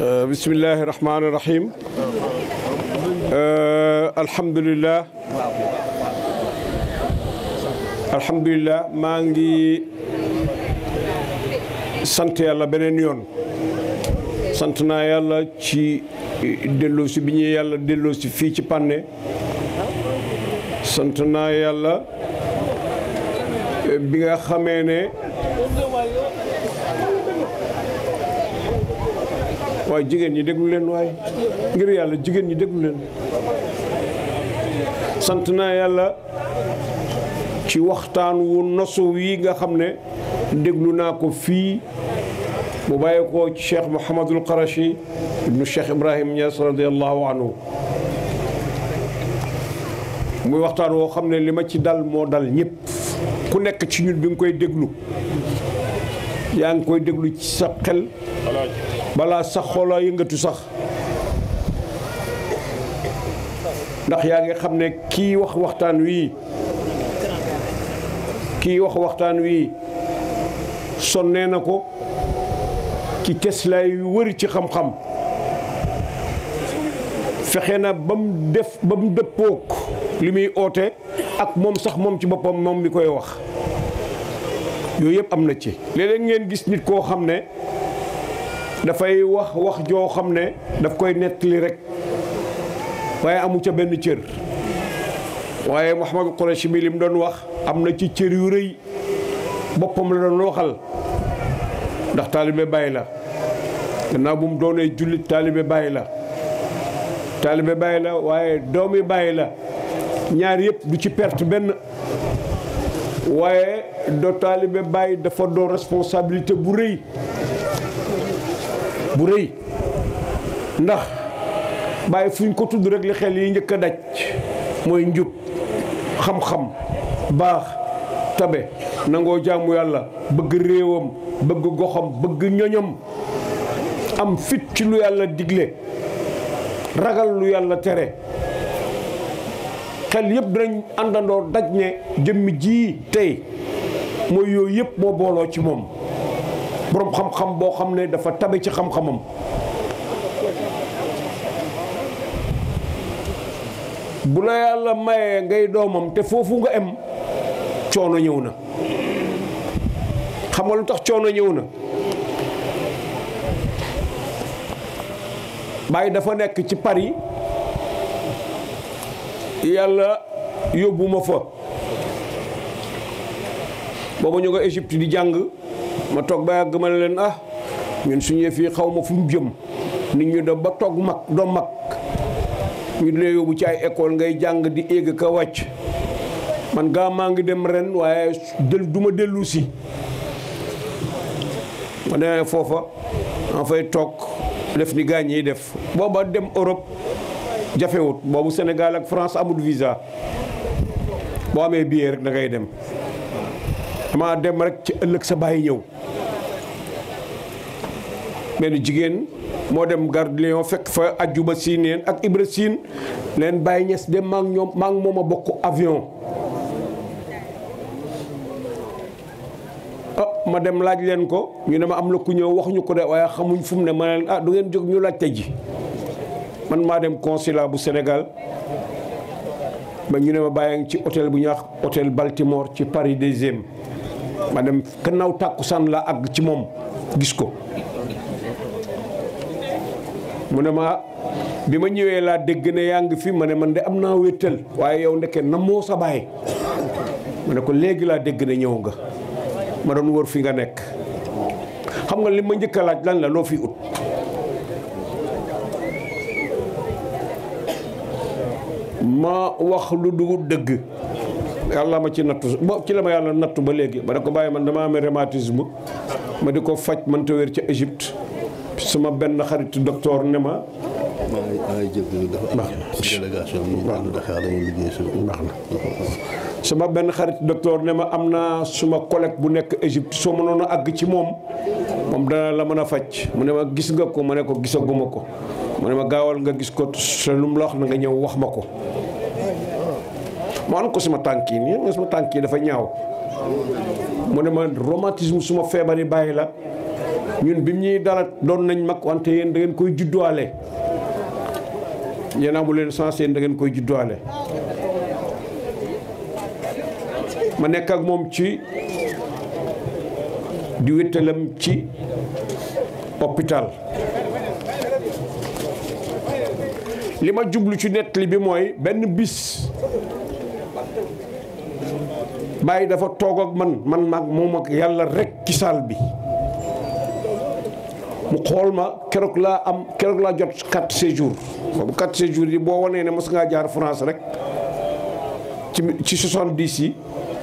Euh, bismillahi rahmaani rahim euh, alhamdulilah alhamdulilah maa ngi sant yàlla beneen yoon sant naa yàlla ci delloosi bi ñu yàlla delloosi fii ci Pané sant naa yàlla bi nga xamee ne waaye jigéen ñi déglu leen waaye ngir yàlla jigéen ñi déglu leen sant naa yàlla ci waxtaan wu nosu wi nga xam ne déglu naa ko fii bu bàyyi ko ci cheikh Mouhamadul Qarashi ibnu cheikh Ibrahim Niass radiallahu anhu muy waxtaan woo xam ne li ma ci dal moo dal ñëpp ku nekk ci ñun bi nga koy déglu yaa ngi koy déglu ci sa xel balaa sax xoolaa yëngatu sax ndax yaa ngi xam ne kii wax waxtaan wii kii wax waxtaan wii sonnee na ko ki teslaay yu wëri ci xam-xam fexe na ba mu def ba mu dëppook li muy oote ak moom sax moom ci boppam moom mi koy wax yooyu yëpp am na ci leneen ngeen gis nit koo xam ne dafay wax wax joo xam ne daf koy nettali rek waaye amu ca benn cër waaye Mouhamadou Khoureychi mi mu doon wax am na ci cër yu rëy boppam la doon waxal ndax taalibe bàyyi la gannaaw bu mu doonee jullit taalibe bàyyi la taalibe bàyyi la waaye doomi bàyyi la ñaar yëpp du ci perte benn waaye doo taalibe bàyyi dafa doon responsabilité bu rëy bu rëy ndax bàyyi fuñ ko tudd rek li xel yi njëkk a daj mooy njub xam-xam baax tabe nangoo jaamu yàlla bëgg réewam bëgg goxam bëgg ñoñam am fit ci lu yàlla digle ragal lu yàlla tere xel yëpp dinañ àndandoo daj ne jëmmi ji tey mooy yooyu yëpp moo booloo ci moom boroom xam-xam boo xam ne dafa tabe ci xam-xamam bu la yàlla mayee ngay doomam te foofu nga em coono ñëw na xam nga lu tax coono ñëw na bàyyi dafa nekk ci Paris yàlla yóbbu ma fa booba ñu nga Égypte di jàng ma toog ba yàgg ma ne leen ah ñun suñu fii yi xaw ma fu mu jëm nit ñu dem ba toog mag doom mag ñu dina yóbbu ci ay école ngay jàng di éeg ka wàcc man gaa maa ngi dem ren waaye del du ma dellu ma demee foofa ma fay toog def ni gaañ yi def booba dem Europe jafewut boobu Sénégal ak France amul boo amee billet rek ngay dem dama dem ci ëllëg sa bàyyi ñëw benn jigéen moo dem Gare Lyon fekk fa ajjuba siin yéen ak Ibra Siin leen bàyyi ñes dem maa ngi ñoom maa moom a bokk avion ah ma dem laaj leen ko ñu ne ma am la ku ñëw waxuñu ko de waaye xamuñ fu mu ne ma leen ah du ngeen jóg ñu laajte ji man maa dem consulat bu senegal ma ñu ne ma bàyyi ci hôtel bu ñuy wax hôtel Baltimore ci Paris deuxième ma dem tàkku tàkkusaan la àgg ci moom gis ko mu ne ma bi ma ñëwee laa dégg ne yàng ngi fi ma ne man de am naa wéttal waaye yow ndekkee na moo sa baay ma ne ko léegi laa dégg ne ñëw nga ma doon wër fi nga nekk xam nga li ma njëkk a laaj lan la loo fi ut ma wax lu du dégg yàlla ma ci nattu bo ci la ma yàlla nattu ba léegi ma ne ko bàyyi man dama amee rhumatisme ma di ko faj mënta wér ca Égypte sama ben xarit docteur nema ma sama ben xarit docteur nema amna suma collègue bu nek Égypte so mënoon ag ci mom mom da la mën fajj faj ma gis nga ko ma ko gisaguma ko ma nga gis ko sa la wax na nga ñew wax mako man ko sama tanki ni nii nga sama tànk yi dafa ñaaw ma romantisme suma feebar bayila la ñun bi mu ñuy dara doon nañ mag wante yéen da ngeen koy judduwaale yéen amu leen sens yéen da ngeen koy judduwaale ma nekk ak moom ci di wéttalam ci hôpital li ma jublu ci nettali bi mooy benn bis bàyyi dafa toog ak man man maag moom ak yàlla rekk ci saal bi mu xol ma kérok la am kérok la jot 4 séjours bo 4 séjours yi bo woné né mos ngaa jaar France rek ci ci 70 dix yi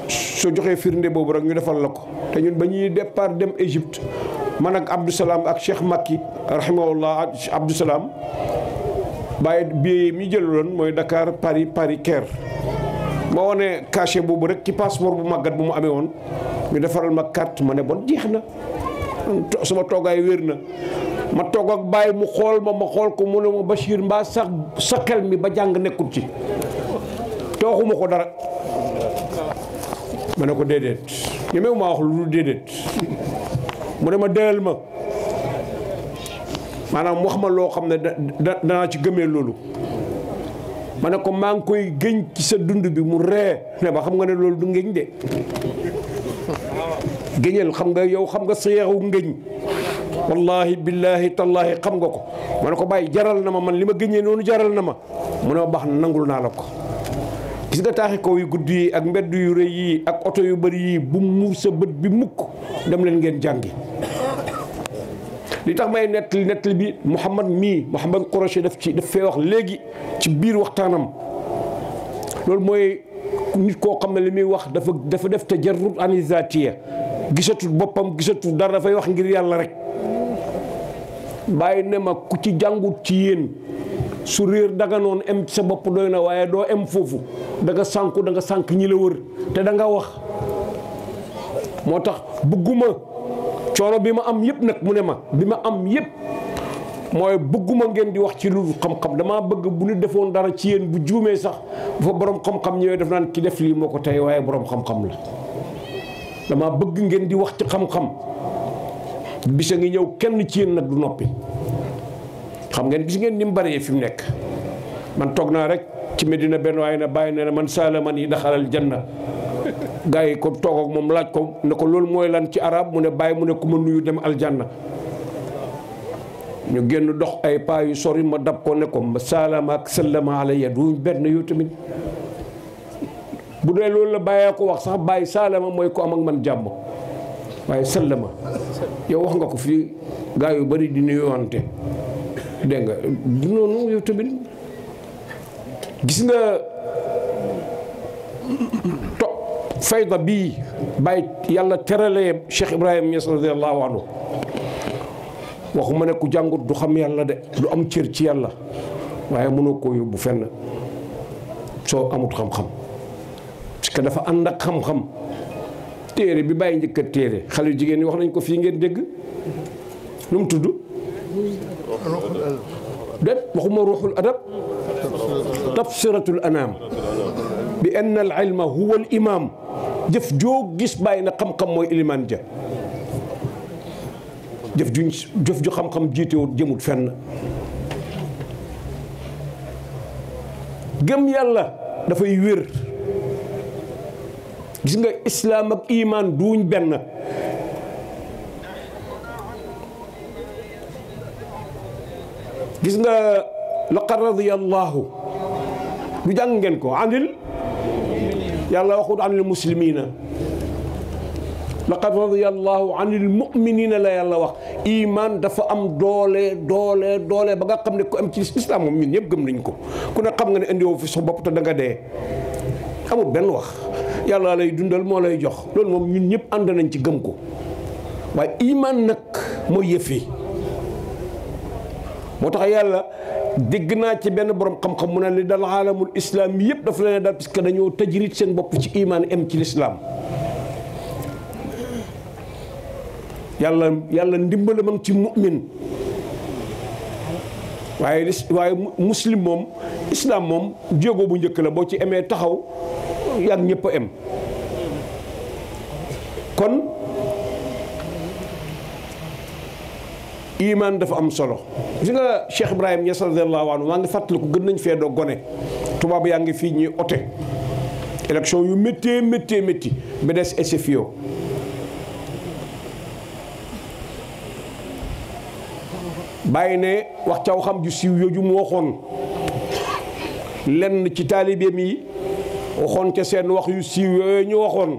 soo joxee firnde boobu rek ñu défal lako té ñun bañuy départ dem Égypte man ak Abdou Salam ak Cheikh Macky rahimahullah Abdou Salam baye bi mi jëlulon moy Dakar Paris Paris Caire ma woné cachet bobu rek ci passeport bu magat bu mu amé won ñu défaral ma carte mané bon jeex sama toogaay wér na ma toog ak bàyyi mu xool ma ma xool ko mu ne ma Bachir mbaa sax sa xel mi ba jàng nekkul ci tooxuma ko dara ma ne ko déedéet ñemewu wax lu déedéet mu ne ma dëyal ma maanaam wax ma loo xam ne da danaa ci gëmee loolu ma ne ko maa ngi koy gëñ ci sa dund bi mu ree ne ba xam nga ne loolu du ngéñ de géñal xam nga yow xam nga seexu ngéñ wallahi billahi tallahi xam nga ko ma ne ko bàyyi jaral na ma man li ma géñee noonu jaral na ma mu ne ma na la ko gis nga taaxi ko yu gudd yi ak mbedd yu rëy yi ak auto yu bari yi bu mu sa bët bi mukk dem leen ngeen jàngi li tax may nettali net bi muhammad mi muhammad Khouraychi daf ci daf fe wax legi ci biir waxtanam lol moy nit ko xamne limi wax dafa dafa def tajarrud ani zaatiya gisatul bopam gisatul dara fay wax ngir yalla rek bàyyi ne ma ku ci jangut ci yeen su rir daga non em sa bop doyna na do em fofu daga sanku daga sank ñi la wër te daga wax motax bëgguma cioro bima am yep nak mu ne ma am yep moy bëgguma ngeen di wax ci lu xam-xam dama bëgg bu ñu defoon dara ci yeen bu juume sax fa borom xam-xam ñewé def naan ki def li moko tay waye borom xam-xam la dama bëgg ngeen di wax ci xam-xam bisa ngi ñëw kenn ci yéen nag du noppi xam ngeen bis ngeen ni mu bëree fi mu nekk man toog naa rek ci meddina benn waaye na bàyyi na man saala man yi daxalal janna gaa yi ko toog ak moom laaj ko ne ko loolu mooy lan ci araab mu ne bàyyi mu ne ku ma nuyu dem aljana ñu génn dox ay paa yu sori ma dab ko ne ko ma saalaama ak sëllama alayya du benn yu tamit bu dee loolu la bàyyee ko wax sax bàyyi saalama mooy ko am ak man jàmm waaye sallama yow wax nga ko fii gaa yu bari di nuyuwante dégg nga du noonu yow tamit gis nga to fayda bii bàyyi yàlla teralee Cheikh Ibrahima Niass radiallahu anhu waxuma ne jàngut du xam yàlla de du am cër ci yàlla waaye mënoo koo yóbbu fenn soo amut xam-xam te dafa ànd ak xam-xam téere bi bàyyi njëkk a téere xale yu jigéen ñi wax nañ ko fii ngeen dégg nu mu tudd déet waxuma ruuxul adab tafsiratul anaam bi ann al ilma huwa al imam jëf joo gis bàyyi na xam-xam mooy ilimaan ja jëf juñ jëf ju xam-xam jiitewut jëmut fenn gëm yàlla dafay wér gis nga islaam ak imaan duuñ benn gis nga laqad radiyallahu du jàng ngeen ko anil yàlla waxut anil muslimina laqad radiyallahu anil muminina la yàlla wax iman dafa am doole doole doole ba nga xam ne ko am ci islam moom ñun ñëpp gëm nañ ko ku ne xam nga ne indiwoo fi sa bopp te da dee amul benn wax yàlla lay dundal moo lay jox loolu moom ñun ñëpp ànd nañ ci gëm ko waaye iman nag mooy yëf yi moo tax yàlla dégg naa ci benn boroom xam-xam mu ne li dal aalamul islam yëpp dafa leen daal parce que dañoo tajrit seen bopp ci imaan am ci lislaam yàlla yàlla ndimbala ma ci mu'min waaye waaye muslim moom islam moom jéego bu njëkk la boo ci amee taxaw yàgg ñëpp m am kon imaan dafa am solo gis nga Cheikh Ibrahim Niass radiyallahu anhu maa ngi fàttaliku gën nañ fee gone tubaab yaa ngi fii ñuy ote élection yu méttee méttee métti ba des SFIO bàyyi ne wax caw xam ju siiw yooju mu waxoon lenn ci taalibeem yi waxoon ca seen wax yu siiw yooyu ñu waxoon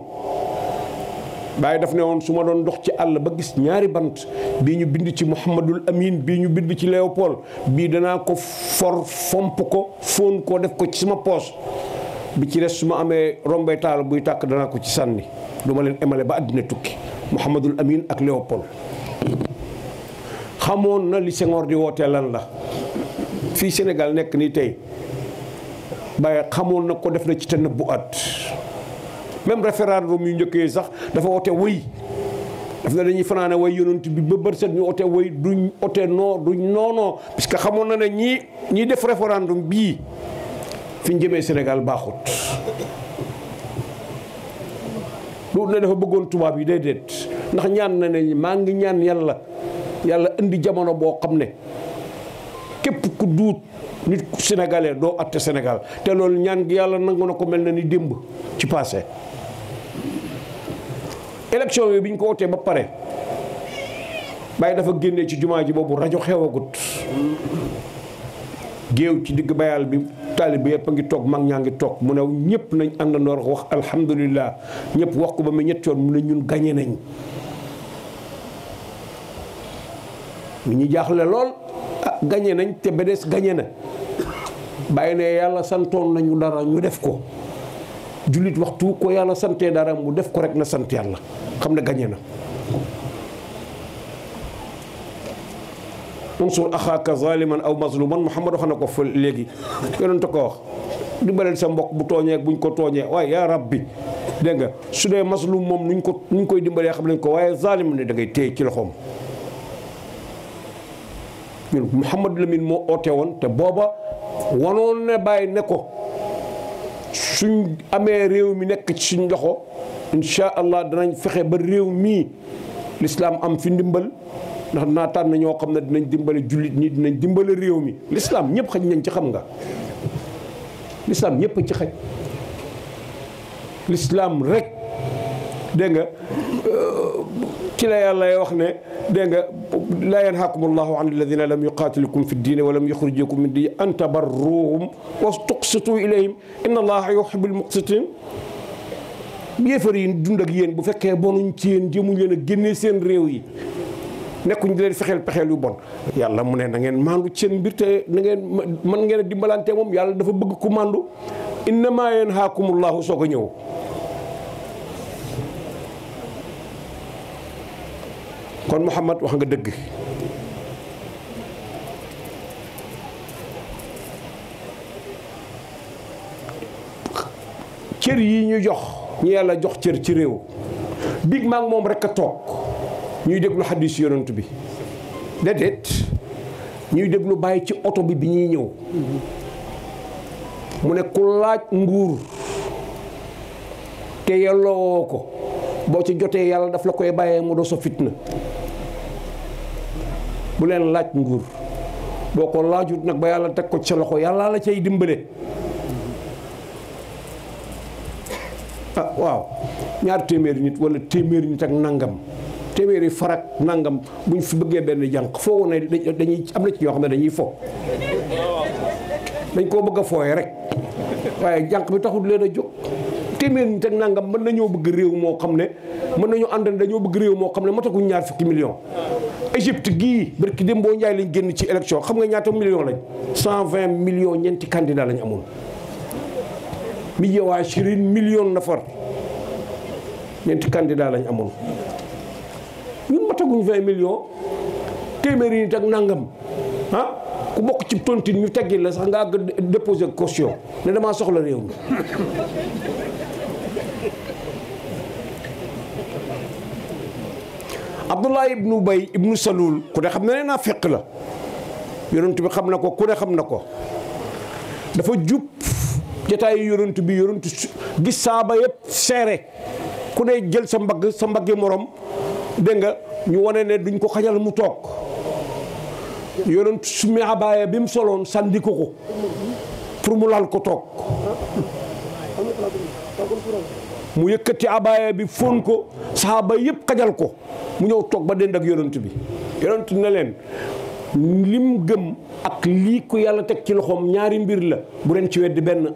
bàyyi daf ne woon su ma doon ndox ci àll ba gis ñaari bant bii ñu bind ci Mouhamadul Amin bii ñu bind ci Léopold bii danaa ko for fomp ko fóon ko def ko ci sama poos bi ci des su ma amee rombay taal buy tàkk danaa ko ci sànni du ma leen emale ba àddina tukki Mouhamadul Amin ak Léopold xamoon na li Senghor di wootee lan la fii senegal nekk nii tey Baye xamoon na ko def na ci te nëbbu at même référendum yu njëkkee sax dafa woote wëy daf na dañuy fanaane way yonent bi ba bër set ñu ote way duñ ote non duñ noonoo parce que xamoon na ne ñii ñii def référendum bii fi ñu senegal Sénégal baaxut loolu ne dafa bëggoon tubaab yi déedéet ndax ñaan na ne maa ngi ñaan yàlla yàlla indi jamono boo xam ne képp ku duut nit sénégalais doo atte senegal te loolu ñaan yàlla nangu na ko mel na ni démb ci passé élection bi ñu ko wotee ba pare bàyyi dafa génne ci jumaa ji boobu rajo xewagut géew ci diggu bayal bi taalib bi yëpp a ngi toog mag ñaa ngi toog mu ne ñëpp nañ àndandoor wax alhamdulilah ñëpp wax ko ba mu ñett yoon mu ne ñun gañe nañ ñu jaaxle lool gañe nañ te BDS gañe na bàyyi ne yàlla santoon nañu dara ñu def ko jullit waxtu ko yàlla sante dara mu def ko rek na sant yàlla xam ne gañe na unsur axaaka zaliman aw mazluman Muhammad xam na ko fa léegi yonent ko wax dimbaleel sa mbokk bu tooñee buñ ko tooñee waaye yaa rabbi dégg nga su dee mazlum moom nuñ ko nuñ koy dimbalee xam nañ ko waaye zalim ne da ngay téye ci loxoom ñun Mouhamadou Lamine moo oote woon te booba wanoon ne bàyyi ne ko suñ amee réew mi nekk ci suñ loxo incha allah danañ fexe ba réew mii lislaam am fi ndimbal ndax naataan na ñoo xam ne dinañ dimbale jullit ñi dinañ dimbale réew mi lislaam ñëpp xaj nañ ci xam nga lislaam ñëpp ci xaj lislaam rek dégg nga euh, ci la yàlla wax ne لا ينهاكم الله عن الذين لم يقاتلكم في الدين ولم يخرجكم من الدين أن تبروهم وتقسطوا إليهم إن الله يحب المقسطين بيفرين دونك يين بو فكي بونو تيين ديمو لينا جيني سين ريوي nekuñ di len fexel pexel yu bon yalla mu ne na ngeen mandu ci mbir te na ngeen man ngeen di malante mom yalla dafa bëgg ku mandu inna ma kon Muhammad wax nga deug cër yi ñu jox ñi yalla jox cër ci rew big mang mom rek tok tok ñuy deglu hadith yonent bi dedet ñuy deglu baye ci auto bi bi ñi ñew mu ne ku laaj nguur te yelloo ko bo ci jotee yalla daf la koy baye mu do so fitna bu leen laaj nguur boo ko laajut nag ba yàlla teg ko ci sa loxo yàlla la cay dimbale ah waaw ñaar téeméeri nit wala téeméeri nit ak nangam téeméeri farak nangam buñ fi bëggee benn jànq foo ne dañuy am na ci ñoo xam ne dañuy fo dañ koo bëgg a fooye rek waaye jànq bi taxul leen a jóg téeméeri nit ak nangam mën nañoo bëgg réew moo xam ne mën nañoo àndal dañoo bëgg réew moo xam ne mataguñ ñaar fukki million Égypte gii barki Dembo Ndiaye lañ génn ci élection xam nga ñaata millions cent vingt millions ñeenti candidat lañ amoon million waa shirin million nafar ñeenti candidat lañ amoon ñun mataguñ 20 millions téeméeri nit ak nangam ah ku bokk ci tontine ñu teggil la sax nga àgg déposer caution ne damaa soxla réew mi Abdullah ibnu bay ibnu Salul ku ne xam ne naa feq la yonent bi xam na ko ku ne xam na ko dafa jub jataayu yonent bi yonent gis saaba yëpp seere ku ne jël sa mbagg sa mbaggi morom dégg nga ñu wane ne duñ ko xajal mu toog yonent summi abaaya bi mu soloon sànni ko ko pour mu laal ko toog mu yëkkati abaaya bi fóon ko saxaaba yépp xajal ko mu ñëw toog ba dend ak yonent bi yonent na leen lim gëm ak lii ko yàlla teg ci loxoom ñaari mbir la bu leen ci weddi benn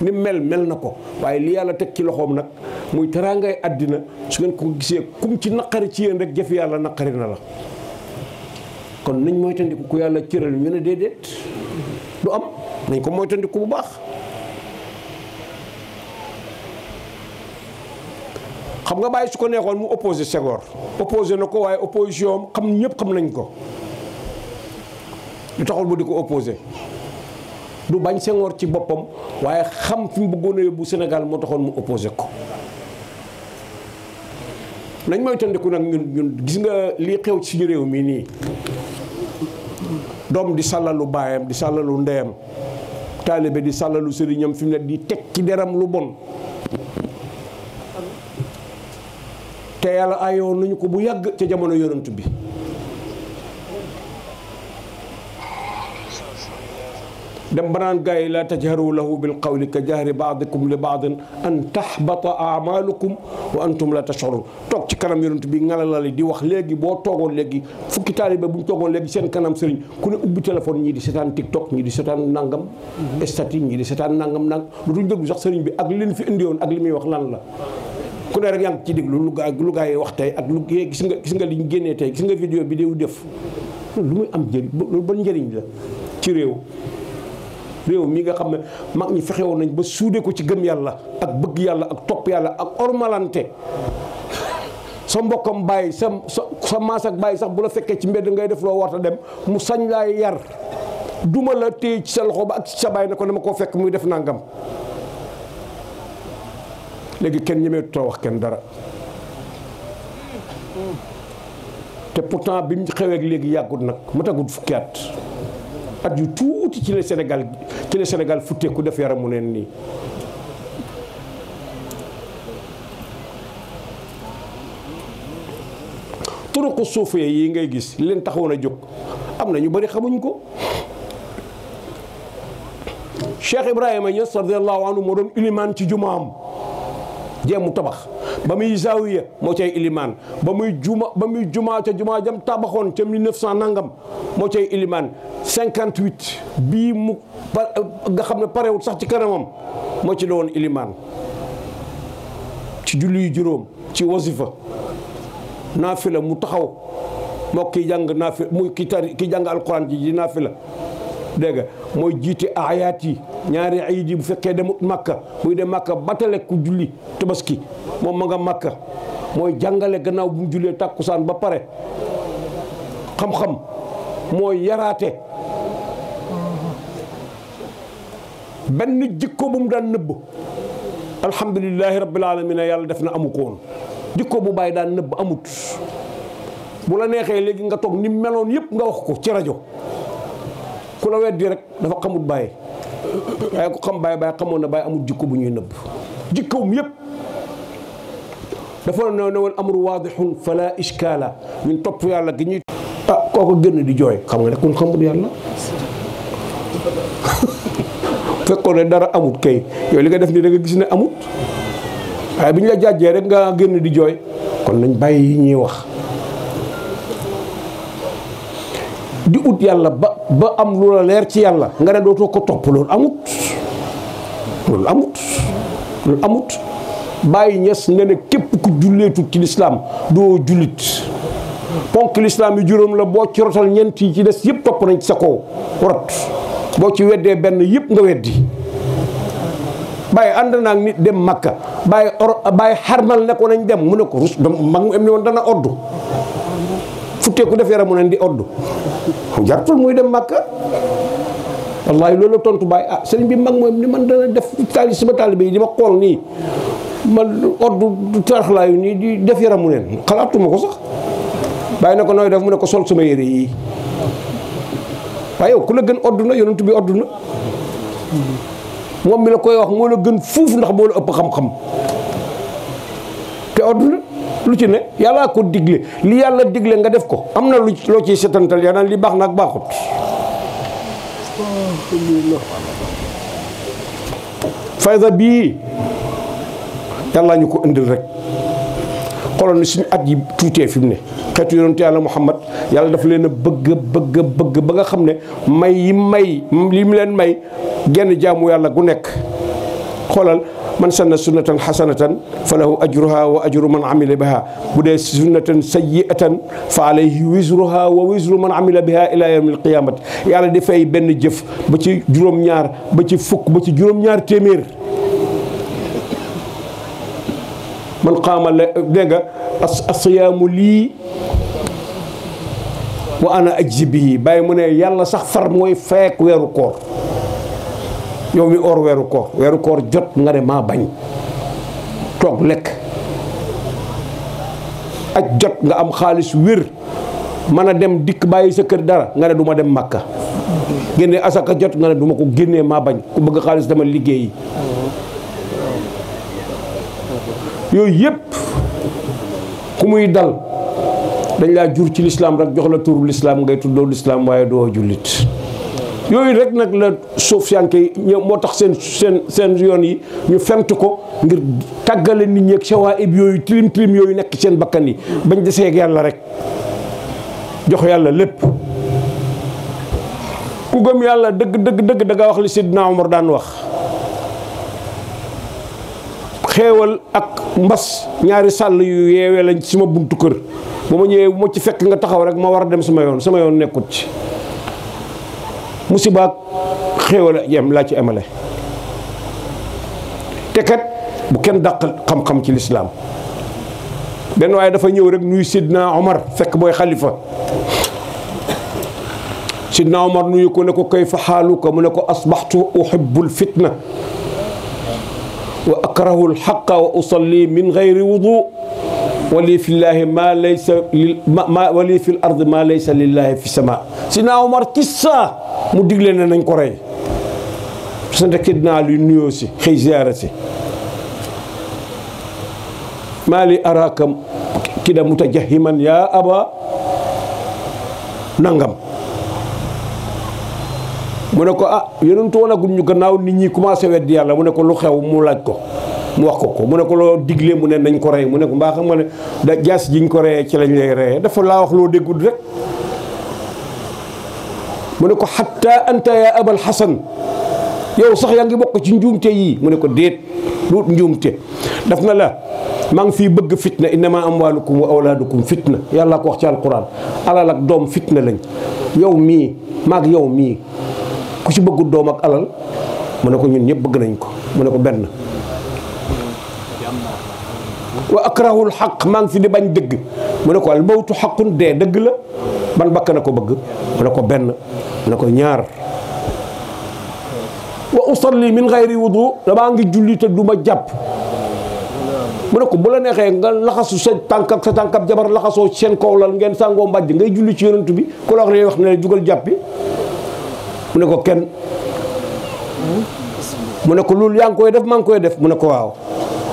ni mel mel na ko waaye lii yàlla teg ci loxoom nag muy teraangay àddina su ngeen ko gisee kum ci naqari ci yéen rek jëf yàlla naqari na la kon nañ moytandiku ku yàlla cëral ñu ne déedéet du am nañ ko moytandiku bu baax xam nga bàyyi su ko neexoon mu opposé Senghor opposé na ko waaye opposition xam ñëpp xam nañ ko lu taxul mu di ko opposé du bañ Senghor ci boppam waaye xam fi mu bëggoon a yóbbu Sénégal moo taxoon mu opposé ko nañ mooy tandiku nag ñun ñun gis nga lii xew si suñu réew mii nii doom di sàllalu baayam di sàllalu ndeyam taalibe di sàllalu sëriñam fi mu ne di teg ci deram lu bon te yàlla ay ayoon nañu ko bu yàgg ca jamono yonent bi dem banaan gaay yi laa tajharu lahu bil qawli ka jahri baadikum li baadin an tahbata amalukum wa antum la tashurun toog ci kanam yonent bi ngalalali di wax léegi boo toogoon léegi fukki taalibe bu ñu toogoon seen kanam sëriñ ku ne téléphone ñii di seetaan tiktok ñii di seetaan nangam mhm. statut ñii di seetaan nangam nang lu duñ sëriñ bi ak li ñu fi indiwoon ak li muy wax lan la ne rek yaa ci déglu lu gaa lu gaa wax tay ak lu gis nga gis nga liñu génnee tay gis nga video bi diw def lu muy am njëriñ lu ban njëriñ la ci rew rew mi nga xamne mag ñi fexe woon nañ ba soudé ko ci gëm yalla ak bëgg yalla ak top yalla ak ormalanté sa mbokam bay sa sa ak bay sax bu la fekke ci mbedd ngay def lo warta dem mu sañ lay yar duma la téye ci sa loxo ba ak ci sa bay ne ko dama ko fekk muy def nangam léegi kenn ñemeetutoo wax kenn dara te pourtant bi mu xewee léegi yàggut nag mu tagut fukki at at yu tuuti ci la Sénégal ci la Sénégal futteeku def yaramu neen nii turuqu suufee yi ngay gis leen taxawoon a jóg am na ñu bari xamuñ ko Cheikh Ibrahima Niass radiyallahu anhu moo doon ilimaan ci jumaam jéemu tabax ba muy zawiya moo cay ilimaan ba muy juma ba muy jumaa ca juma jam tabaxoon ca 1900 nangam moo cay ilimaan 58 bii mu nga xam ne parewut sax ci kanamam moo ci doon ilimaan ci julli juróom ci wasifa naafila mu taxaw moo ki jàng naafi mu ki tari ki jàng alquran ji naafila dégg nga mooy jiite ayaat yi ñaari ayit yi bu fekkee demut makka muy dem makka batale ku julli tabaski moom ma nga makka mooy jàngale gannaaw bu mu jullee tàkkusaan ba pare xam-xam mooy yaraate benn jikko bu mu daan nëbb alhamdulilahi rabbil alamina yàlla def na amu ko woon jikko bu bàyyi daan nëbb amut bu la neexee léegi nga toog ni meloon yëpp nga wax ko ci rajo ku la weddi rek dafa xamut bàyyi waaye ku xam bàyyi bàyyi xamoon na bàyyi amul jikko bu ñuy nëbb jikkoom yépp dafa ne woon amru waadixun fala yàlla gi ñuy ah di jooy xam nga ne kun xamut yàlla fekkoon ne dara amut kay yow li def nii da nga gis ne amut waaye bi ñu la jàjjee rek nga génn di jooy kon nañ bàyyi ñuy wax di ut yàlla ba ba am lu la leer ci yàlla nga ne dootoo ko topp loolu amut loolu amut bàyyi ñes nga ne képp ku julleetut ci lislaam doo jullit ponk lislaam yi juróom la boo ci rotal ñeent ci des yëpp topp nañ ci sa kaw rot boo ci weddee benn yëpp nga weddi bàyyi ànd naa nit dem makka bàyyi or bàyyi xarmal ne ko nañ dem mu ne ko rus mag mu am ne woon dana oddu ko def yaram mo len di oddu jartul muy dem makka wallahi lolu tontu bay ah serigne bi mag mooy ni man da def taali sama taalibe yi di ma xool nii man oddu la yu ni di def yaram mo len xalaatuma ko sax bay nako noy def mu nako sol sama yere yi bayo ku la gën oddu na yonentou bi oddu na mom mi la koy wax mo la gën fouf ndax bo la upp xam-xam te oddu na lu ci ne yàllaa ko digle li yàlla digle nga def ko am na lu loo ci setantal yaa naan li baax na ak baaxut fayda bii yàllaa ñu ko indil rek xoolal ni suñu at yi tuutee fi mu ne xeetu yonent yàlla muhammad yàlla dafa leen a bëgg bëgg bëgg ba nga xam ne may yi may li mu leen may genn jaamu yàlla gu nekk xoolal man sanna sunnatan xasanatan fa lahu ajruha wa ajru man amila biha bu dee sunnatan sayyiatan fa alayhi wisruha wa wisru man amila biha ila yawmil qiyamati yàlla di fay benn jëf ba ci juróom-ñaar ba ci fukk ba ci juróom-ñaar téeméer man qaama la dégg nga asiyaamu lii wa ana ajzi bihi bàyyi mu ne yàlla sax far mooy feek weeru koor yow mi or wéru ko wéru ko jot nga ne maa bañ tok lek aj jot nga am khalis wir mana dem dikbayi baye sa keur dara nga dem makka genné asaka jot nga ne duma ma ko genné ma bañ ku bëgg khalis dama liggéey yow yépp ku muy dal dañ la jur ci l'islam rek jox la tuuru lislaam ngay tuddo l'islam waye do julit yooyu rek nag la suufiyanke yi moo tax seen seen seen yoon yi ñu fent ko ngir tàggale nit ñi ak sawaayib yooyu tilim tilim yooyu nekk seen bakkan yi bañ desee ak yàlla rek jox yàlla lépp ku gëm yàlla dëgg dëgg dëgg da wax li Sidna Omar daan wax xeewal ak mbas ñaari sàll yu yeewee lañ su ma buntu kër bu ma ñëwee moo ci fekk nga taxaw rek ma war a dem sama yoon sama yoon nekkut ci musiba xewal yam la ci amale te kat bu ken dakal xam xam-xam ci l'islam ben way dafa ñëw rek nuyu sidna omar fek boy khalifa sidna omar nuyu ko ne ko kayfa haluka mu ne ko asbahtu uhibbu lfitna wa akrahu lxaqa wa usalli min gayri wudu ولي في الله ما ليس ما ولي في الارض ما ليس لله في السماء سيدنا عمر قصه mu digle ne nañ ko rey sant Seydina Ali nuyoo si xëy ziyaara si maa li araka kida man yaa aba nangam mu ne ko ah yonentu woon agul ñu gannaaw nit ñi commencé weddi yàlla mu ne ko lu xew mu laaj ko mu wax ko ko mu ne ko loo digle mu ne nañ ko rey mu ne ko mbaa xam nga ne da jaas jiñ ko reyee ci lañ lay reyee dafa laa wax loo déggul rek mu ne ko xatta anta ya abal xasan yow sax yaa ngi bokk ci njuumte yii mu ne ko déet duut njuumte daf na la maa ngi fii bëgg fitna innama amwalukum wa awlaadukum fitna yàlla ko wax ci alquran alal ak doom fitna lañ yow mii maag yow mii ku ci bëggu doom ak alal mu ne ko ñun ñëpp bëgg nañ ko mu ne ko benn wa akrahul xaq maa ngi fi di bañ dëgg mu ne ko al mawtu xaqun dee dëgg la ban bakkan a ko bëgg mu ne ko benn mu ne ko ñaar wa usalli min xayri wudu damaa ngi julli te du ma jàpp mu ne ko bu la neexee nga laxasu sa tànk sa tànk jabar laxasoo seen kow lal ngeen sàngoo mbàjj ngay julli ci yonent bi ku la wax ne wax ne jugal jàppi mu ne ko kenn mu ne ko loolu yaa ngi koy def maa ngi koy def mu ne ko waaw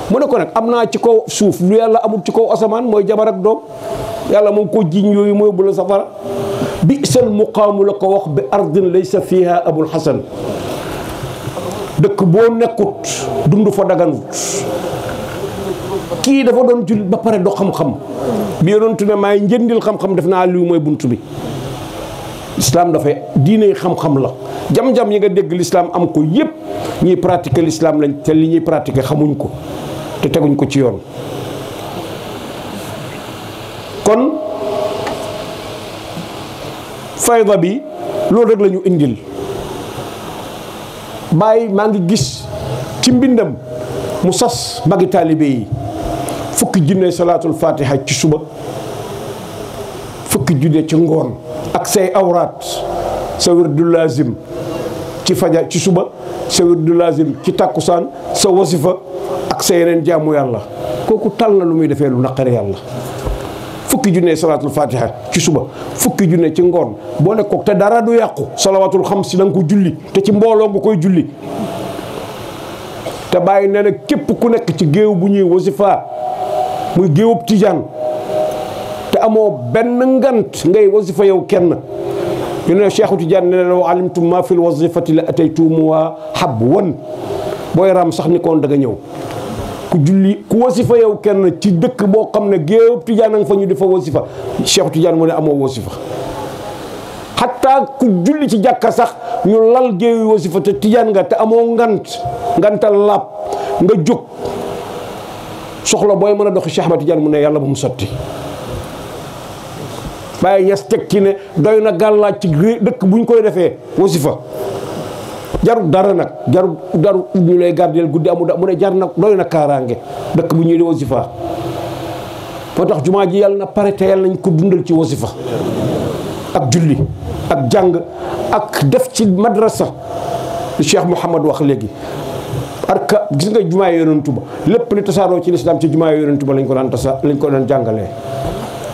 mu ne ko nag am naa ci kaw suuf lu yàlla amul ci kaw asamaan mooy jabar ak doom yàlla moom ko jiñ yooyu mooy bu la safara bi sal muqaamu la ko wax bi ardin laysa fiha abul xasan dëkk boo nekkut dund fa daganut kii dafa doon jullit ba pare do xam-xam bi yonentu ne maay njëndil xam-xam def naa lii mooy bunt bi islam dafay diine xam-xam la jam-jam yi nga dégg l'islam am ko yépp ñiy pratiquer l'islam lañ te li ñuy pratiquer xamuñ ko te teguñ ko ci yoon kon fayda bi loolu rek lañu ñu indil bàyyi maa ngi gis ci mbindam mu sas magi taalibe yi fukki junne salaatul fatiha ci suba fukki junne ci ngoon ak say awraat sa wirdu lazim ci faja ci suba sa wirdu lazim ci tàkkusaan sa wasifa ak sa yeneen jaamu yàlla kooku tal na lu muy defee lu naqari yàlla fukki junne salaatul fatiha ci suba fukki junne ci ngoon boole koog te dara du yàqu salawaatul xam si da ko julli te ci mbooloo nga koy julli te bàyyi ne képp ku nekk ci géew bu ñuy wasifa muy géewub tijaan te amoo benn ngant ngay wasifa yow kenn ñu ne cheikhu tijaan ne na wa alimtum ma fil wasifati la ataytumuwa habwan booy raam sax ni koon da ñëw ku julli ku wasifa yow kenn ci dëkk boo xam ne géew tijaan nga fa ñu dafa wasifa Cheikh Tidiane mu ne amoo wasifa xataa ku julli ci jàkka sax ñu lal géewi wasifa te tijaan nga te amoo ngant ngantal laab nga jóg soxla booy mën a dox Cheikh ba Tidiane mu ne yàlla bu mu sotti Baye Ñas teg ci ne doy na gàllaaj ci dëkk bu ñu koy refee wasifa jarul dara nag jarul daru ñu lay gardeel guddi amul mu ne jar na doy na kaaraange dëkk bu ñuy di wasifa moo tax jumaa ji yàlla na pare te yàlla nañ ko dundal ci wasifa ak julli ak jàng ak def ci madrasa li Cheikh Mouhamad wax léegi arka gis nga jumaa yonentu ba lépp li tasaaroo ci lislaam ci jumaa yonentu ba lañ ko daan tasa lañ ko daan jàngalee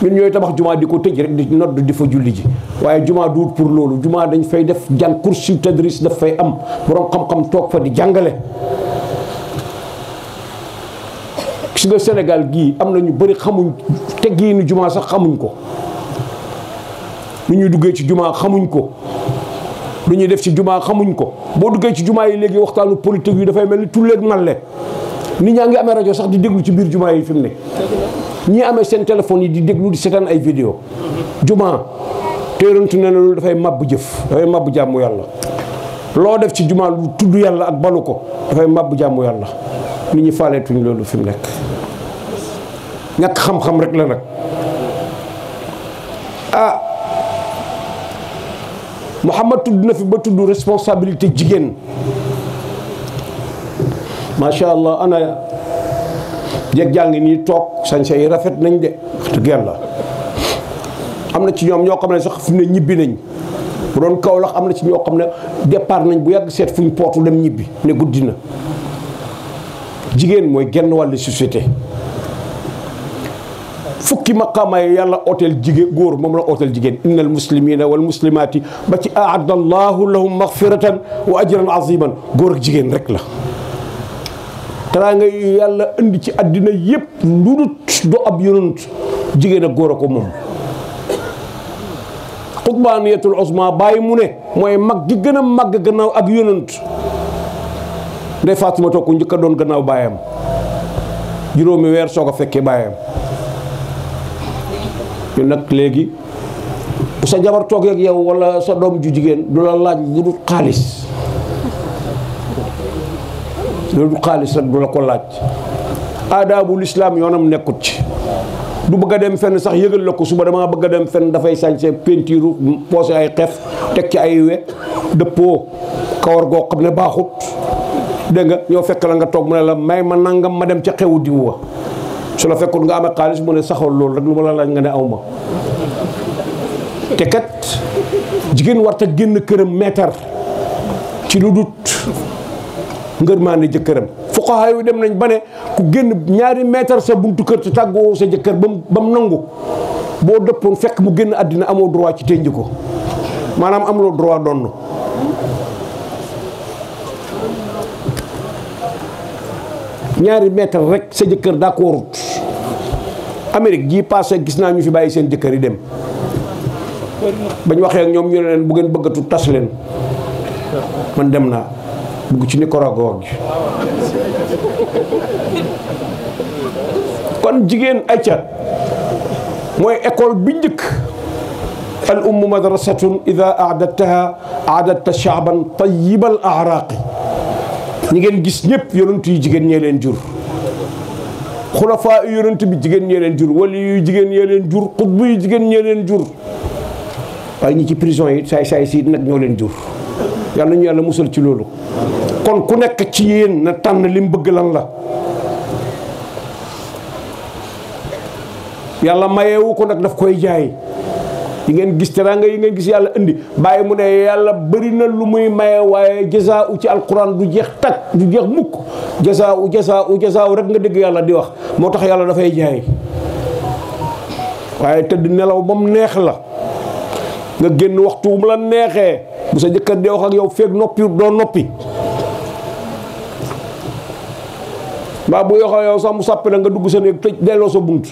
ñun ñooy tabax jumaa di ko tëj rek di nodd di fa julli ji waaye jumaa duut pour loolu jumaa dañ fay def jàng kursu tadris daf fay am boroom xam-xam toog fa di jàngale gis nga Sénégal gii am na ñu bari xamuñ teggiinu jumaa sax xamuñ ko lu ñuy duggee ci jumaa xamuñ ko lu ñuy def ci jumaa xamuñ ko boo duggee ci jumaa yi léegi waxtaanu politique yi dafay mel ni tulleeg nalle nit ñaa ngi amee rajo sax di déglu ci biir jumaa yi fi mu ne ñi amee seen téléphone yi di déglu di seetaan ay vidéo juma téerantu na ne loolu dafay màbbu jëf dafay màbb jàmmu yàlla loo def ci juma lu tudd yàlla ak balu ko dafay màbbu jàmmu yàlla nit ñi faaleetuñ loolu fi mu nekk ñàkk xam-xam rek la nag ah Mouhamad tudd na fi ba tudd responsabilité jigéen macha allah jeg jaa ngi nii toog sañse yi rafet nañ de dëgg yàlla am na ci ñoom ñoo xam ne sax fi ne ñibbi nañ bu doon Kaolack am na ci ñoo xam ne départ nañ bu yàgg seet fuñ pootu dem ñibbi ne guddi na jigéen mooy genn wàllu société fukki maqaamaay yàlla ooteel jigéen góor moom la ooteel jigéen innal muslimina wal muslimaati ba ci aadallahu lahum maghfiratan wa ajran aziman góor ak jigéen rek la teraanga nga yàlla indi ci àddina yépp ndudut du ab yonant jigéen ak góor a ko moom xutbaaniyatul osma bàyyi mu ne mooy mag gi gën a màgg gannaaw ak yonant ndey Faatuma toog ko njëkk doon gannaaw baayam juróomi weer soog a fekkee baayam yu nag léegi sa jabar toog ak yow wala sa doom ju jigéen du la laaj lu dul xaalis lu xaliss rek dula ko laaj adabul islam yonam nekut ci du bëgg dem fenn sax yëgal lako suba dama bëgg a dem fenn dafay sañse peinture posé ay xef tek ci ay wé de po kawr go ne baxut de nga ñoo fekk la nga tok mu ne la may ma nangam ma dem ci xewu di wa su la fekkul nga amee xaliss mu ne saxal lool rek luma la laaj nga ne awma te kat jigéen warta genn kërëm metar ci luddut ngërmaane jeukeram fuqaha yu dem nañ bané ku genn ñaari mètre sa buntu kër ci taggo sa jeuker bam bam nangu bo dëppoon fekk mu genn adina amo droit ci teñjiko manam am lo droit don ñaari mètre rek sa jeuker d'accord Amérique gi passé gis na ñu fi bàyyi seen jeuker yi dem bañ waxee ak ñom ñu leen bu ngeen bëggatu tas leen man dem na dugg ci Nicaragua gi kon jigéen ayca mooy école bi njëkk al ummu madrasatun ida aadattaha aadatta shaaban tayibal araaqi ñi ngeen gis ñëpp yonent jigéen ñee leen jur xulafaa bi jigéen ñee leen jur wali yu jigéen ñee leen jur xutbu yu jigéen ñee leen jur waaye ñi ci prison yi saay saay si leen jur yàlla ñu yàlla musal ci loolu kon ku nekk ci yéen na tànn lim bëgg lan la yàlla mayewu ko nag daf koy jaay yi ngeen gis teraanga yi ngeen gis yàlla indi bàyyi mu ne yàlla bari na lu muy maye waaye jasaa ci alquran du jeex tak du jeex mukk jasaa u jasaa rek nga dégg yàlla di wax moo tax yàlla dafay jaay waaye tëdd nelaw ba mu neex la nga génn waxtu mu la neexee bu sa jëkkër dee wax ak yow feeg noppi doo noppi mbaa bu yoxoo yow sax mu sàppi la nga dugg sa néeg tëj delloo sa bunt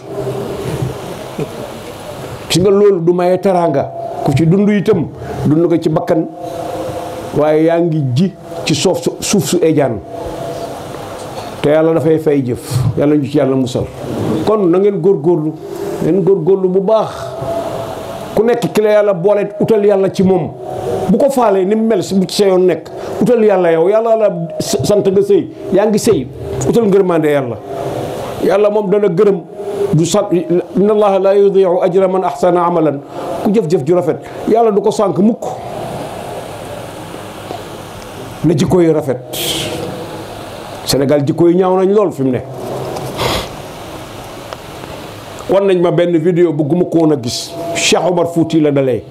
ci nga loolu du maye teraanga ku ci dund itam dund ko ci bakkan waaye yaa ngi ji ci suuf suuf su ejaan te yàlla dafay fay jëf yàlla ñu ci yàlla musal kon na ngeen góorgóorlu góor góorlu bu baax ku nekk ki yàlla boole utal yàlla ci moom bu ko faalee ni mu mel si bu ci yoon nekk utal yàlla yow yàlla la sant nga sëy yaa ngi sëy utal ngërmande yàlla yàlla moom dana gërëm du sant inna allaha la yudiu man ahsana amalan jëf-jëf ju rafet yàlla du ko sànq mukk na jikko yi rafet senegal jikko yi ñaaw nañ lool fi mu ne wan nañ ma benn vidéo bëgguma ko woon a gis Cheikh Omar fuuti la dalee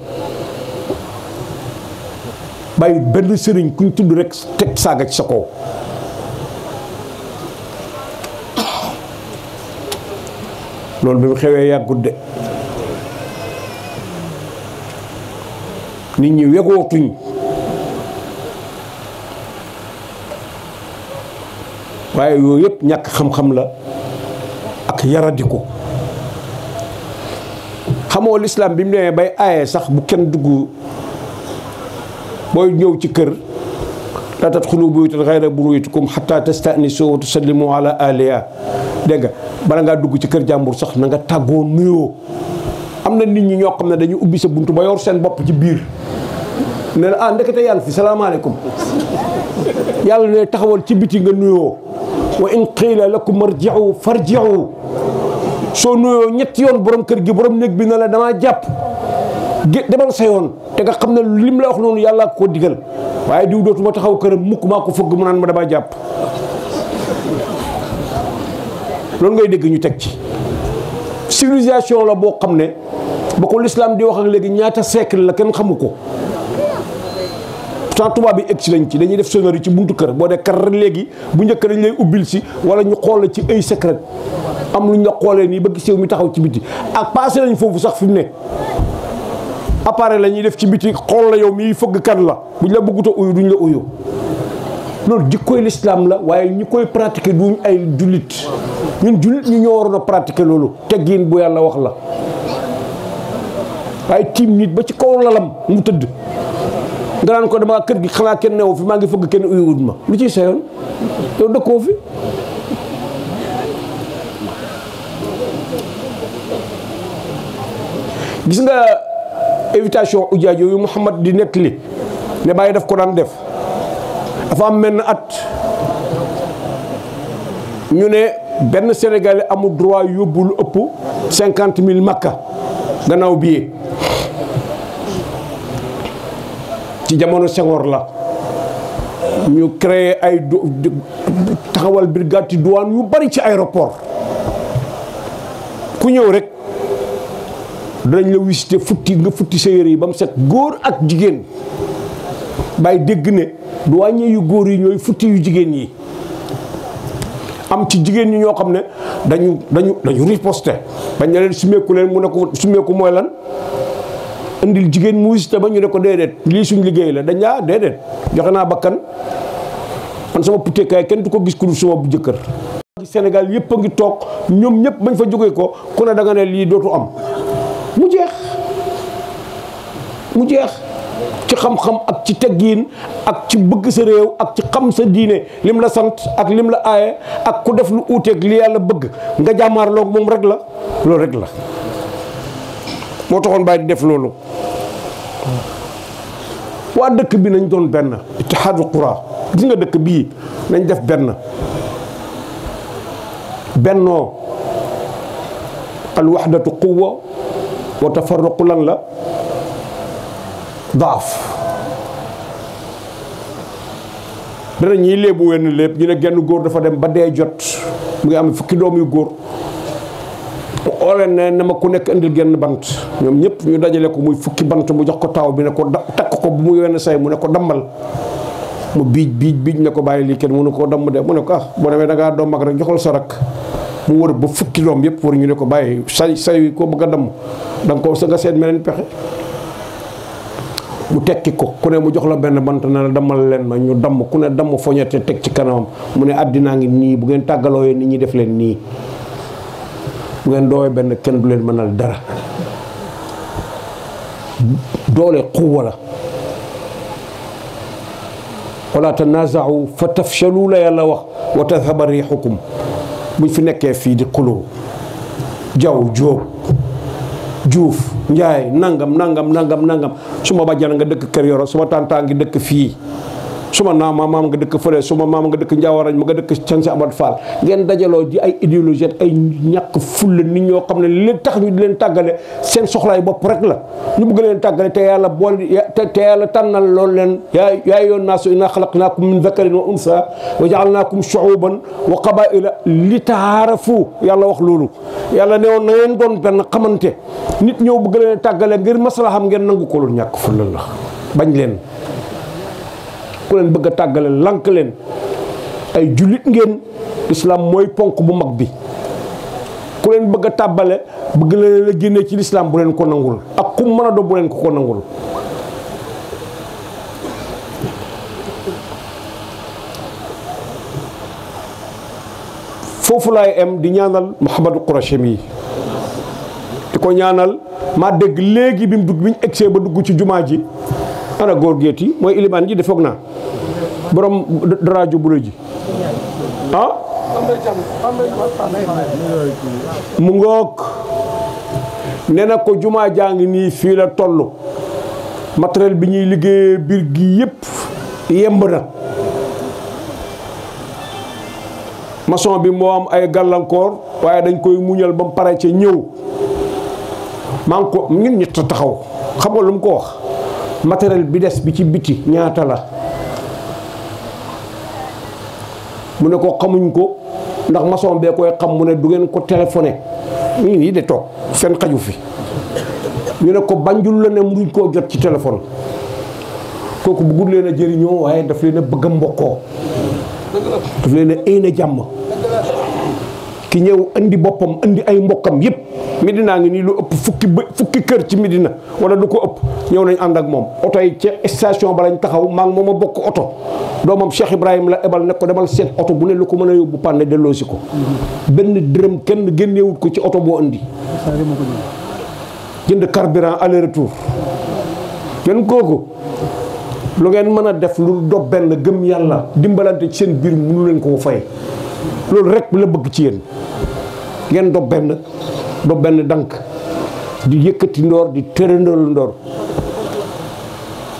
bàyyi benn sëriñ kuñ tudd rek teg saaga ci sa kaw loolu bi mu xewee yàggut de nit ñi wegootuñ waaye yooyu yëpp ñàkk xam-xam la ak yaradiku xamoo lislaam bi mu nee bay aaye sax bu kenn dugg booy ñëw ci kër laa tadxulu buyutan xayra buyutikum xataa tastanisu wa tusallimu ala ahliha dégg nga bala ngaa dugg ci kër jàmbur sax na nga tàggoo nuyoo am na nit ñi ñoo xam ne dañu ubbi sa buntu ba yor seen bopp ci biir ne la ah ndekete yaa ngi fi salaamaaleykum yàlla ne taxawal ci biti nga nuyoo wa in qiila lakum arjiu farjiu soo nuyoo ñetti yoon borom kër gi borom néeg bi na la damaa jàpp demal sa yoon te nga xam ne li mu la wax noonu yàlla ko digal waaye diw dootuma taxaw këram mukk maa ko fëgg mu naan ma damaa jàpp loolu ngay dégg ñu teg ci civilisation la boo xam ne ba ko lislaam di wax ak léegi ñaata siècle la kenn xamu ko pourtant tubaab bi egg si nañ ci dañuy def sonnerie buntu kër boo dee kar léegi bu njëkk dañ lay ubbil si wala ñu xool la ci ay secret am lu ñu la xoolee nii ba gisew mi taxaw ci biti ak passé nañ foofu sax fi mu ne appareil la ñuy def ci biti xool la yow mii fëgg kan la bu ñu la bëggut a uyu duñ la uyu loolu jikkoy lislaam la waaye ñi koy pratiquer duñ ay jullit ñun jullit ñi ñoo waroon a pratiquer loolu teggin bu yàlla wax la waaye tiim nit ba ci kaw lalam mu tëdd nga naan ko damaa kër gi xanaa kenn newu fi maa ngi fëgg kenn uyuwut ma lu ciy seyoon yow dëkkoo fi gis nga invitation ujaaj yooyu Muhammad di nettali ne bàyyi daf ko daan def dafa am menn at ñu ne benn Sénégalais amul droit yóbbu ëpp cinquante mille makka gannaaw bi ci jamono Senghor la ñu crée ay taxawal brigade ci douane yu bari ci aéroport ku ñëw rek danañ la visité futti nga futti sa yére yi ba mu set góor ak jigéen bàyyi dégg ne douanier yu góor yi ñooy futti yu jigéen yi am ci jigéen ñi ñoo xam ne dañu dañu dañu riposté bañ na leen sumeeku leen mu ne ko sumeeku mooy lan andil jigen mu hésité ba ñu ne ko dedet li suñ liggey la dañ laa ah, dedet joxe bakkan man sama puteekaay kenn du ko gis ku dul sama bu jëkkër Sénégal yëpp nga tok ñom bañ fa joggé ko ku ne da nga ne li dotu am mu jeex mu jeex ci xam-xam ak ci teggin ak ci bëgg sa réew ak ci xam sa diiné lim la sant ak lim la ayé ak ku def lu ak li yalla bëgg nga lok mom rek la lool rek la moo taxoon bàyyi di def loolu waa dëkk bi nañ doon benn ittihaadul qura gis nga dëkk bii nañ def benn bennoo al waxdatu quwa wa tafarruqu lan la daaf dana ñuy léebu wenn lépp ñu ne genn góor dafa dem ba dee jot mu ngi am fukki doom yu góor boole ne na ma ku nekk indil genn bant ñoom ñëpp ñu dajale ko muy fukki bant mu jox ko taw bi ne ko da takk ko bu mu wenn say mu ne ko dammal mu biij biij biij ne ko bàyyi lii kenn mënu koo damm mu ne ko ah boo demee da rek joxal sa rak mu wër ba fukki doom yëpp war ñu ne ko bàyyi say say ko bëgg a damm danga nga ko sa nga seet meneen pexe mu tekki ko ku ne mu jox la benn bant na la dammal leen ma ñu damm ku ne damm foñete teg ci kanamam mu ne àddinaa ngi nii bu ngeen tàggaloo yee nit ñi def leen nii bu ngeen doowee benn kenn du leen mënal dara doole quwa la wala tanaaza'u fa tafshalu la yàlla wax wa tadhaba riixukum buñ fi nekkee fii di xuloo jaw jóob juuf njaay nangam nangam nangam nangam suma bajjan nga dëkk kër yoro suma tàntaa ngi dëkk fii suma naa ma maam nga dëkk fële suma maam nga dëkk Njaawarañ ma nga dëkk Canci Amat Fall ngeen dajaloo ji ay idéologie ay ñàkk fulla nit ñoo xam ne li tax ñu di leen tàggale seen soxlaay bopp rek la ñu bëgg leen tàggale te yàlla bool te yàlla tànnal loolu leen yaa yaa yoon naasu inna xalaqnaakum min dakarin wa unsa wa jaalnaakum shuuban wa qabaila li taarafu yàlla wax loolu yàlla ne woon na ngeen doon benn xamante nit ñëw bëgg leen tàggale ngir masala xam ngeen nangu ko loolu ñàkk fulla la bañ leen ku bëgg tàggale lank leen ay jullit ngeen islam mooy ponk bu mag bi ku leen bëgg a tàbbale bëgg la leen a génne ci lislaam bu leen ko nangul ak ku mën bu leen ko ko nangul foofu laay am di ñaanal Mouhamadou Kourachim yi di ko ñaanal maa dégg léegi bi mu dugg bi ñu egsee ba dugg ci jumaa ji xana gor géet moy mooy ji de foog borom daraajo ji ah mu ngok nee na ko juma jang ni fi la tollu matériel bi ñuy liggéey biir gi yépp yemb na maçon bi mo am ay galankor waye dañ koy muñal bam paré ci ñew man ko ñun ñett taxaw xamul lu mu ko wax matériel bi des bi ci biti ñaata la mu ne ko xamuñ ko ndax maçon bee koy xam mu ne du ngeen ko téléphoné mu ngi nii de toog seen xaju fi ñu ne ko banjul la ne mënuñ koo jot ci téléphone kooku bëggul leen a jëriñoo waaye daf leen a bëgg a mbokkoo daf leen a éy jàmm ki ñëw andi boppam indi ay mbokkam yëpp Medina ngi nii lu ëpp fukki bë fukki kër ci Medina wala lu ko ëpp ñëw nañ ànd ak moom oto yi ca station ba lañ taxaw maa moom a bokk oto doomam Cheikh Ibrahima la ebal ne ko demal seet oto bu ne lu ko mën a yóbbu pànne delloosi ko benn dërëm kenn génneewut ko ci oto boo andi jënd carburant aller retour kenn kooku lu ngeen mën a def lu dob benn gëm yàlla dimbalante ci seen biir mënu ko koo fay loolu rek la bëgg ci yéen ngeen do benn do benn dank di yëkkati ndoor di tërëndalu ndoor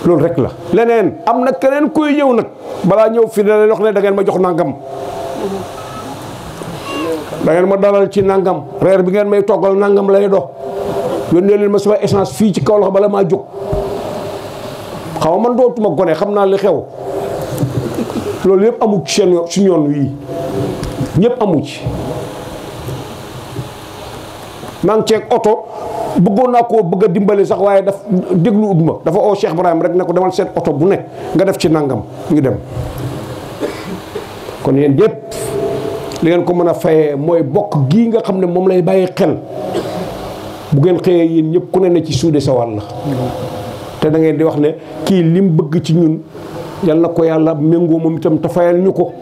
loolu rek la. leneen am na keneen koy ñëw nag balaa ñëw fi da leen wax ne da ngeen ma jox nangam dangeen ma dalal ci nangam reer bi ngeen may toggal nangam lay dox yónnee leen ma sama essance fii ci kaw la bala maa jóg xaw ma man dootuma gone xam naa li xew loolu yëpp amul seen suñu yoon yi ñëpp amu ci maa ci ak auto bëggona ko bëgg dimbalé sax waye daf déglu uduma dafa o Cheikh Ibrahim rek ne ko demal set auto bu nek nga def ci nangam ñu dem kon yéen yëpp li ngeen ko mëna fayé moy bokk nga xamné ne lay bayyi xel bu ngeen xeyé yeen ñëpp ku ne ne ci soudé sa wal té da ngeen di wax né ki lim bëgg ci ñun yalla ko yalla mengo mom itam ta fayal ñuko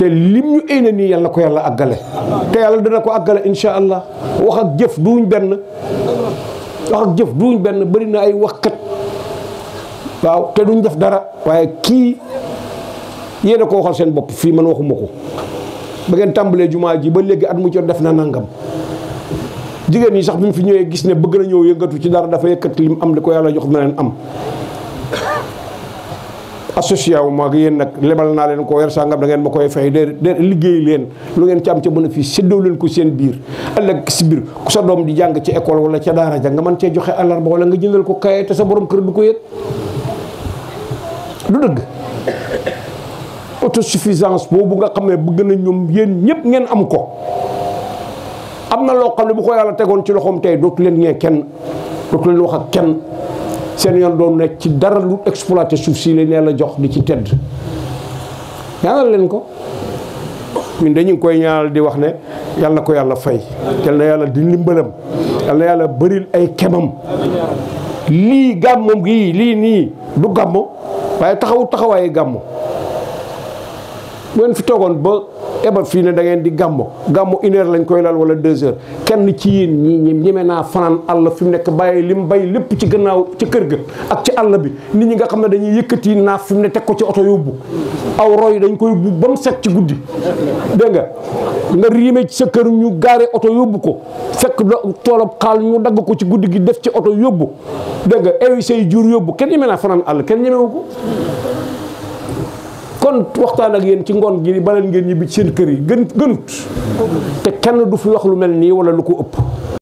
te lim ñu éene nii yàlla ko yàlla aggale te yàlla dina ko aggale incha allah wax ak jëf duuñ benn wax ak jëf duuñ benn bëri na ay waxkat waaw te duñ def dara waaye kii yéen a waxal seen bopp fii man waxuma ko ba ngeen tàmbalee jumaa ji ba léegi at mu jot def na nangam jigéen ñi sax bi mu fi ñëwee gis ne bëgg na ñëw yëngatu ci dara dafa yëkkat lim am li ko yàlla jox na leen am associé wu ma ak yéen nag lebal naa leen ko weer sàngam da ngeen ma koy fay de liggéey leen lu ngeen ci am ca bénéfice séddoo leen ko seen biir ëllëg si sa doom di jàng ci école wala ca daara ja nga man cee joxe àllarba wala nga jëndal ko kaye te sa borom kër du ko yëg du dëgg autosuffisance boobu nga xam ne bëgg na ñoom yéen ñëpp ngeen am ko am na loo xam ne bu ko yàlla tegoon ci loxoom tey dootu leen ñee kenn dootu leen wax ak kenn seen yon do nek ci dara lu exploiter souf si leen yàlla jox di ci tedd ñaanal leen ko ñun dañu koy ñaanal di wax ne yalla ko yalla fay yàlla na di limbeulam yalla yalla beuril ay kemam li gàmm gi li ni du gàmm waye taxawu taxaway gàmm bu ngeen fi togon ba ebat eh, fii ne da ngeen di gàmmo gàmmo une lañ koy lal wala deux heures kenn ci yéen ñi ñeme naa fanaan àll fi mu nekk bàyyi mu bay lépp ci gannaaw ci kër ga ak ci àll bi nit ñi nga xam ne dañuy yëkkati naa fi mu ne teg ko ci oto yóbbu aw roy dañ koy bu ba mu set ci guddi dégg nga nga riime ci sa kër ñu gaare oto yóbbu ko fekk toolab xaal ñu dagg ko ci guddi gi def ci oto yóbbu dégg nga ewi eh, say jur yóbbu kenn ñeme naa fanaan àll kenn ñemewu ko kon waxtaan ak yéen ci ngoon gi baleen ngeen ñibbi ci seen kër yi gën gënut te kenn du fi wax lu mel nii wala lu ko ëpp